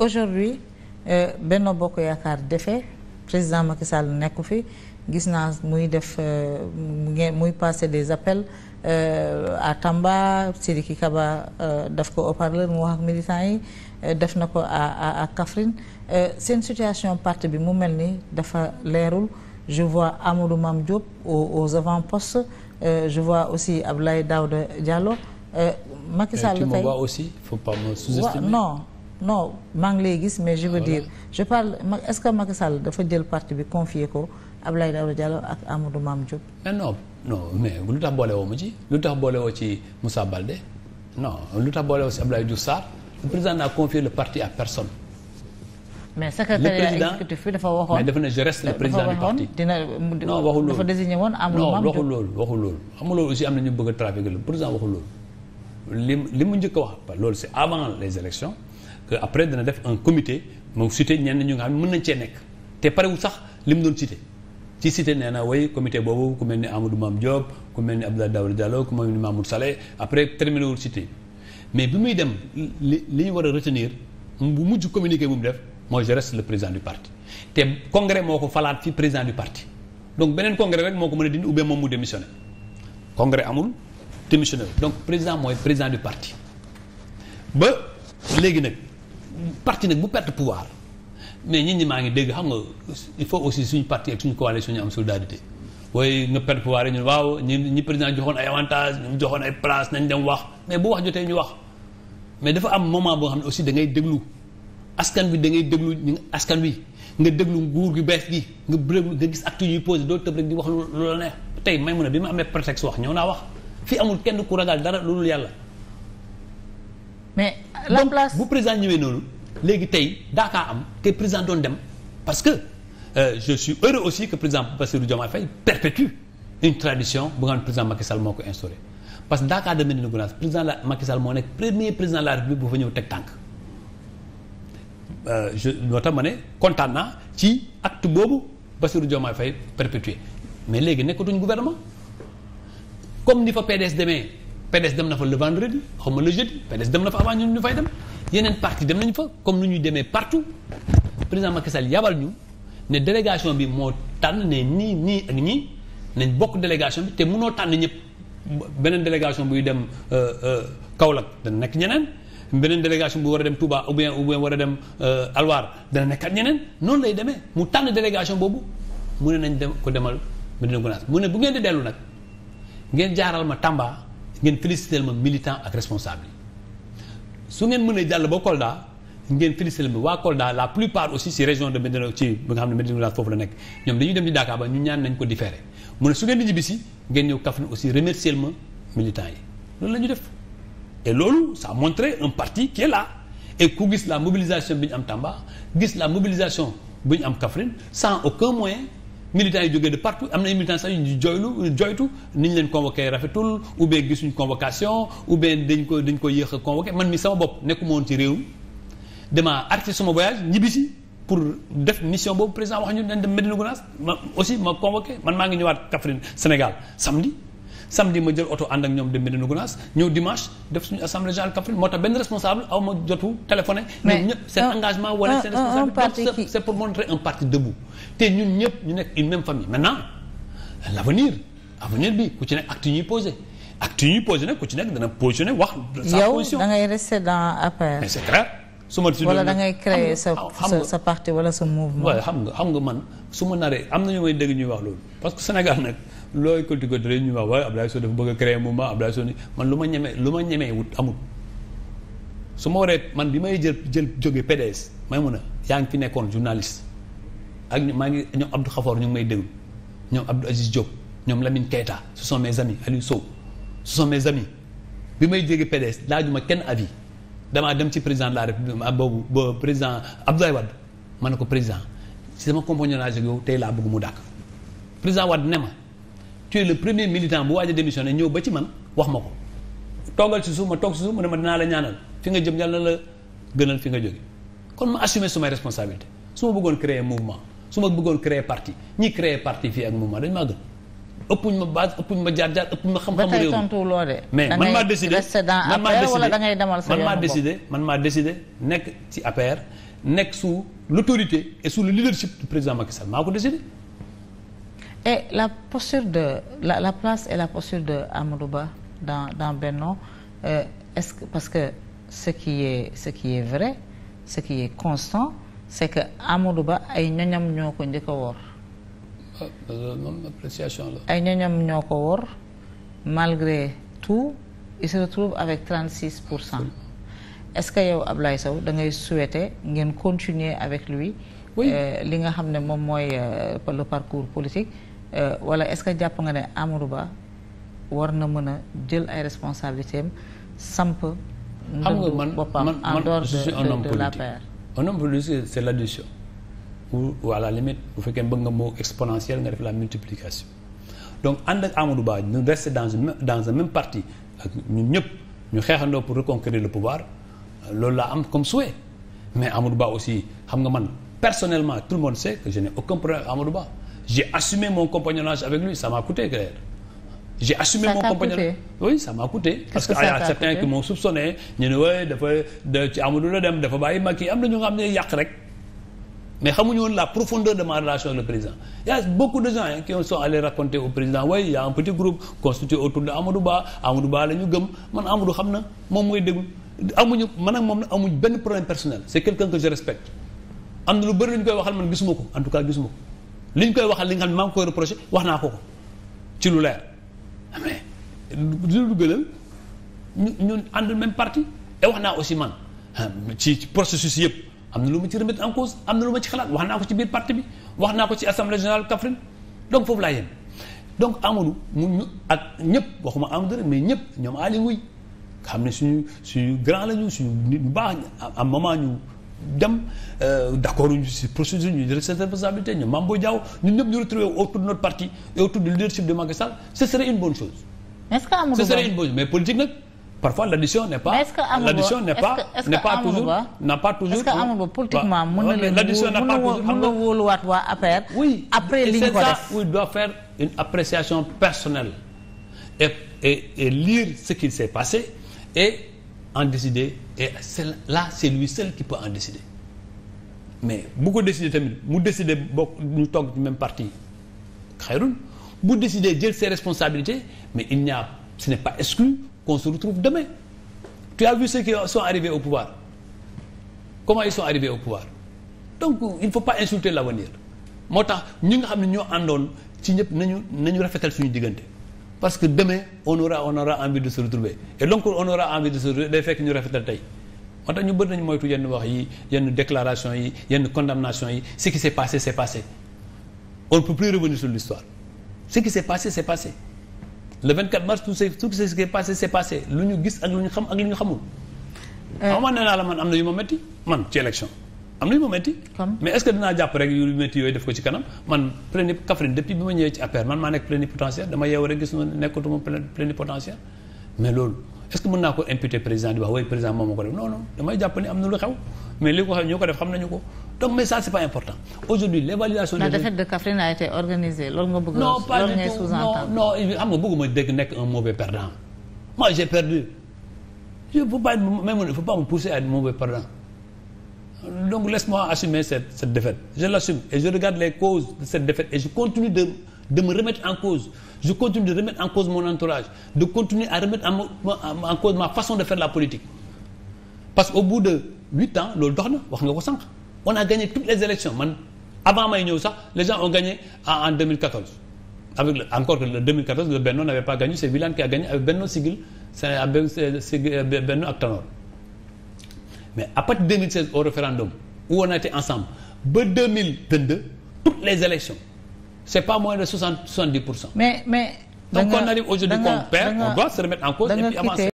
aujourd'hui euh, Benno Bokk Yaakaar defee président Macky Sall nekku fi gis naa muy def euh, muy passer des appels euh, à Tamba Sidiki Kaba euh, daf ko haut mu wax ak militants yi euh, def na ko à à Kaffrine euh, seen situation parti bi mu mel ni dafa leerul je vois Amadou Mame Diop aux, aux avant-postes je vois aussi Abdoulaye Daouda Diallo Macky Sall tey tu non maa ngi lay gis mais je veux dire je parle est-ce que Macky Sall dafa jël parti bi confié ko Abdoulaye Daouda Diallo ak maam Mame Diop. Eh non non mais lu tax boole woo mu ci lu tax boole woo ci Moussa Balde non lu tax boole woo ci Abdoulaye Diouf Sarr le président n'a confié le parti à personne. mais secrétaire exécutif bi dafa waxoon mais dafa ne je reste le président du parti dina loolu waxul loolu waxul loolu xam nga aussi am na ñu bëgg a trafiquer le président waxul loolu. li li mu njëkk a loolu c'est les élections que après dana def un comité moom cité ñenn ñu nga xam ne mën nañ cee nekk te parewul sax li mu doon cité ci cité nee na way comité boobu ku mel ni Amadou Mame Diop ku mel ni Abdoulaye Daouda Diallo ku mel ni Mamour Saleh après terminé wul cité mais bi muy dem li li ñu war a retenir bu mujj communiqué bu mu def mooy je reste le président du parti te congrès moo ko falaat fi président du parti donc beneen congrès rek moo ko mën a dindi ou bien moom mu démissionné congrès amul démissionné donc président mooy président du parti ba léegi nag. parti nag bu perte pouvoir mais nit ñi maa ngi dégg xam nga il faut aussi suñu parti ak suñu coalition suñu am solidarité waaye nga perte pouvoir yi ñun waaw ñi ñi président joxoon ay avantages ñu joxoon ay place nañ dem wax mais bu wax jotee ñu wax mais dafa am moment boo xam ne aussi dangay ngay déglu askan bi da ngay déglu ñu askan wi nga déglu nguur gi bees gi nga déglu nga gis actes yuy posé doo tëb rek di wax lu la neex tey may mun a bi ma amee prétexte ñëw naa wax fii amul kenn ku ragal dara loolu yàlla la place bu président ñëwee noonu léegi tey daakaa am te président doon dem parce que euh, je suis heureux aussi que président Bassirou Diomaye Faye perpétue une tradition bu nga xam ne président Macky Sall moo ko instauré parce que daakaa de Médina Gounass président la Macky Sall moo nekk premier président de la République bu fa ñëw teg tànk euh, je moo ma ne kontaan naa ci acte boobu Bassirou Diomaye Faye perpétué mais léegi nekkatuñ gouvernement comme ni fa PDS demee PDS dem na fa le vendredi xaw ma le jeudi PDS dem na fa avant ñu ñu fay dem yeneen parti dem nañ fa comme nu ñuy demee partout président Macky Sall yabal ñu ne délégation bi moo tànn ne nii nii ak ñii nañ bokk délégation bi te mënoo tànn ñëpp beneen délégation buy dem euh, euh, Kaolack dana nekk ñeneen beneen délégation bu war a dem Touba ou bien ou bien war a dem euh, Alwar dana nekkat ñeneen noonu lay demee mu tànn délégation boobu mu ne nañ dem ko demal Medina mu ne bu ngeen dellu nag ngeen jaaral ma Tamba. ngeen félicité ma militant ak responsable yi su ngeen mënee jàll ba Kolda ngeen félicité ma waa Kolda la plupart aussi si région de Medina ci bi nga xam ne Medina foofu la nekk ñoom dañuy dem di Dakar ba ñu ñaan nañ ko différé mu ne su ngeen di bisi ngeen ñëw Kaffrine aussi remercier ma militant yi loolu la ñu def et loolu ça a montré un parti qui est là ku gis la mobilisation bi ñu am Tamba gis la mobilisation bi ñu am Kaffrine sans aucun moyen militants yi jógee de partout am nañu militants sax yu joylu joytu ni ñu leen convoqué rafetul ou bien gisuñ convocation ou bien dañ ko dañ ko yéex a convoqué man mi sama bopp nekkuma woon ci réew mi dama arrêté sama voyage ñibbisi pour def mission boobu président wax ñu nañ dem Médina Gounass ma aussi ma convoqué man maa ngi ñëwaat Kaffrine Sénégal samedi samedi ma jël oto ànd ak ñoom dem Médina Gounass ñëw dimanche def suñu assemblée générale Kaffrine moo tax benn responsable aw ma jotu téléphoné ñun ñëpp seen engagement wala seen responsabilité c'est pour montrer un parti debout ñun ñëpp ñu nekk une même famille maintenant l'avenir avenir bi ku ci nekk acte ñuy posé acte ñuy posé nag ku ci nekk dana positionné wax sa position yow da ngay rester dans APR mais da ngay créer sa sa parti wala sa mouvement waaw xam nga xam nga man su ma naree am na ñu may dégg ñuy wax loolu parce que Sénégal nag looy cultivateur rek ñu wax waaye Abdoulaye Sow dafa bëgg a créer mouvement Abdoulaye Sow man lu ma ñemee lu ma ñemee wut amul. su ma waree man bi may jël jël jóge PDS may mun a yaa ngi fi nekkoon journaliste ak maa ngi ñoom Abdou Khafor ñu may déglu ñoom Abdou Aziz Diop ñoom la Keita ce sont mes amis Aliou Sow ce bi may jóge PDS laajuma kenn avis damaa dem ci président de la République ah, boobu ba président Abdoulaye Wade ma ne ko président si sama compagnonnage ak tey laa mu dàkk tu le premier militant bu waaj a démissionné ñëw ba ci man wax ma ko toogal si suuf ma toog si suuf mu ne ma dinaa la ñaanal fi nga jëm yal na la gënal fi nga jóge kon ma assumer sumay responsabilité su ma bëggoon créer mouvement su ma bëggoon créer parti ñi créer parti fii ak mouvement dañ maa gën ëppuñ ma base ëppuñ ma jaar jaar ëppuñ ma xam-xamu réew mais man maa décidé man maa décidé man maa décidé man maa décidé nekk ci APR nekk sous l'autorité et sou le leadership du président Macky Sall ko décidé Et la posture de la, la place et la posture de Amadouba dans dans Benno euh, est-ce que parce que ce qui est ce qui est est constant c'est que Amadouba ay ñañam ñoo ko njëkk a wor. Ah, ay ñoñam ñoo ko wor malgré tout il se retrouve avec pour cent. est-ce que yow Ablaye Sow da ngay souhaiter ngeen continuer avec lui. Euh, li nga xam ne moom mooy euh, le parcours politique. Euh, wala est-ce que jàpp nga ne Amadou Ba war na mën a jël ay responsabilités am samp. xam nga man man man je suis un homme politique un homme politique c'est l'addition ou ou bu fekkee bëgg nga mot exponentiel nga def la multiplication donc ànd ak Amadou Ba ñu rester dans une dans même parti ak ñun ñëpp ñu xeexandoo pour reconquérir le pouvoir euh, loolu laa am comme souhait mais Amadou Ba aussi xam nga man personnellement tout le monde sait que je n'ai aucun problème ak Amadou Ba. j'ai assumé mon compagnonnage avec lui ça m'a coûté Claire j'ai assumé ça mon compagnonnage oui ça m'a parce que, que ah, y a certains qui m'ont soupçonné ñu ne waaye dafa ci Amadou la dem dafa bàyyi Macky am na ñu xam ne yàq rek mais xamuñu woon la profondeur de ma relation avec le président il y a beaucoup de gens hein, qui sont allés raconter au président waaye ouais, y a un petit groupe constitué autour de Amadou Ba Amadou Ba la ñu gëm man Amadou xam na moom mooy déglu amuñu man moom amuñ benn problème personnel c'est quelqu'un que je respecte am na ko en tout cas gisuma ko li koy waxal li nga xam ne maa wax naa ko ko ci lu leer ah, mais lu gëlal ñu ñun àndul même parti et wax naa aussi man ah, ci processus yëpp am na lu ma ci remettre en cause am na lu ma ci xalaat wax naa ko ci biir parti bi wax naa ko ci assemblée générale Kaffrine donc foofu laa yem donc Amadou mu ñu ak ñëpp waxuma Amadou rek mais ñëpp ñoom Aly Ngouille xam suñu suñu grand la ñu suñu nit ñu baax am moment ñu dem euh, d' accord ñu si procédure ñu responsabilité ñu Mambo Diaw ñun ñëpp ñu retrouver autour notre parti et autour leadership de Macky Sall ce une bonne chose. est ce une bonne chose mais politique nag parfois l' addition pas. l' addition pas n' est pas toujours n' a pas toujours. est ce que Amadou Ba politiquement mën na leen. l' addition n' a pas toujours mën na wóoluwaat waa li ñu ko def oui doit en décider et là c'est lui seul qui peut en décider mais bu ko décider tamit mu décider bokk ñu togg ci même partie xayrun bu décider jël ses responsabilités mais il n'y a ce n'est pas exclu qu'on se retrouve demain tu as vu ceux qui sont arrivés au pouvoir comment ils sont arrivés au pouvoir donc il ne faut pas la l'avenir moo tax ñu nga xam ne ñoo àndoon ci ñëpp nañu nañu rafetal suñu diggante parce que demain on aura on aura envie de se retrouver et donc on aura envie de day fekk ñu rafetal tey moo tax ñu bëri nañu moytu yenn wax yi yenn déclaration yi yenn condamnation yi ce qui s'est passé on ne peut plus revenir sur l'histoire ce qui s'est passé s'est passé le 24 mars tout ce tout ce qui est passé s'est passé lu ñu gis ak lu ñu xam ak lu ñu xamul. Euh. xam nga nee naa la man am na yu ma metti man ci élection. am nañu mu métti. mais est-ce que dinaa jàpp rek yu métti yooyu def ko ci kanam man pléni Kaffrine depuis bi ma ñëwee ci APR man maa nekk plénipotentiaire dama yeew rek gis ma nekkatuma plénipotentiaire mais loolu est-ce que mën ni am na lu xew mais li ko xew ñu ko def a été organisée loolu nga nekk un mauvais perdant moi j'ai perdu je faut pas même faut pas perdant donc laisse-moi assumer cette cette défaite je l'assume et je regarde les causes de cette défaite et je continue de de me remettre en cause je continue de remettre en cause mon entourage de continuer à remettre en, cause ma façon de faire la politique parce que au bout de huit ans loolu dox na wax nga ko sànq on a gagné toutes les élections man avant may ñëw sax les gens ont gagné en en 2014 encore que le Benno n'avait pas gagné c'est Wilane qui a gagné Benno Siggil c'est avec euh, euh, Benno ak mais à partir de 2016 au référendum où on a été ensemble ba 2022 toutes les élections c'est pas moins de 60 70 pour cent. mais mais donc on aujourd'hui qu'on perd on doit se remettre en cause et puis avancer.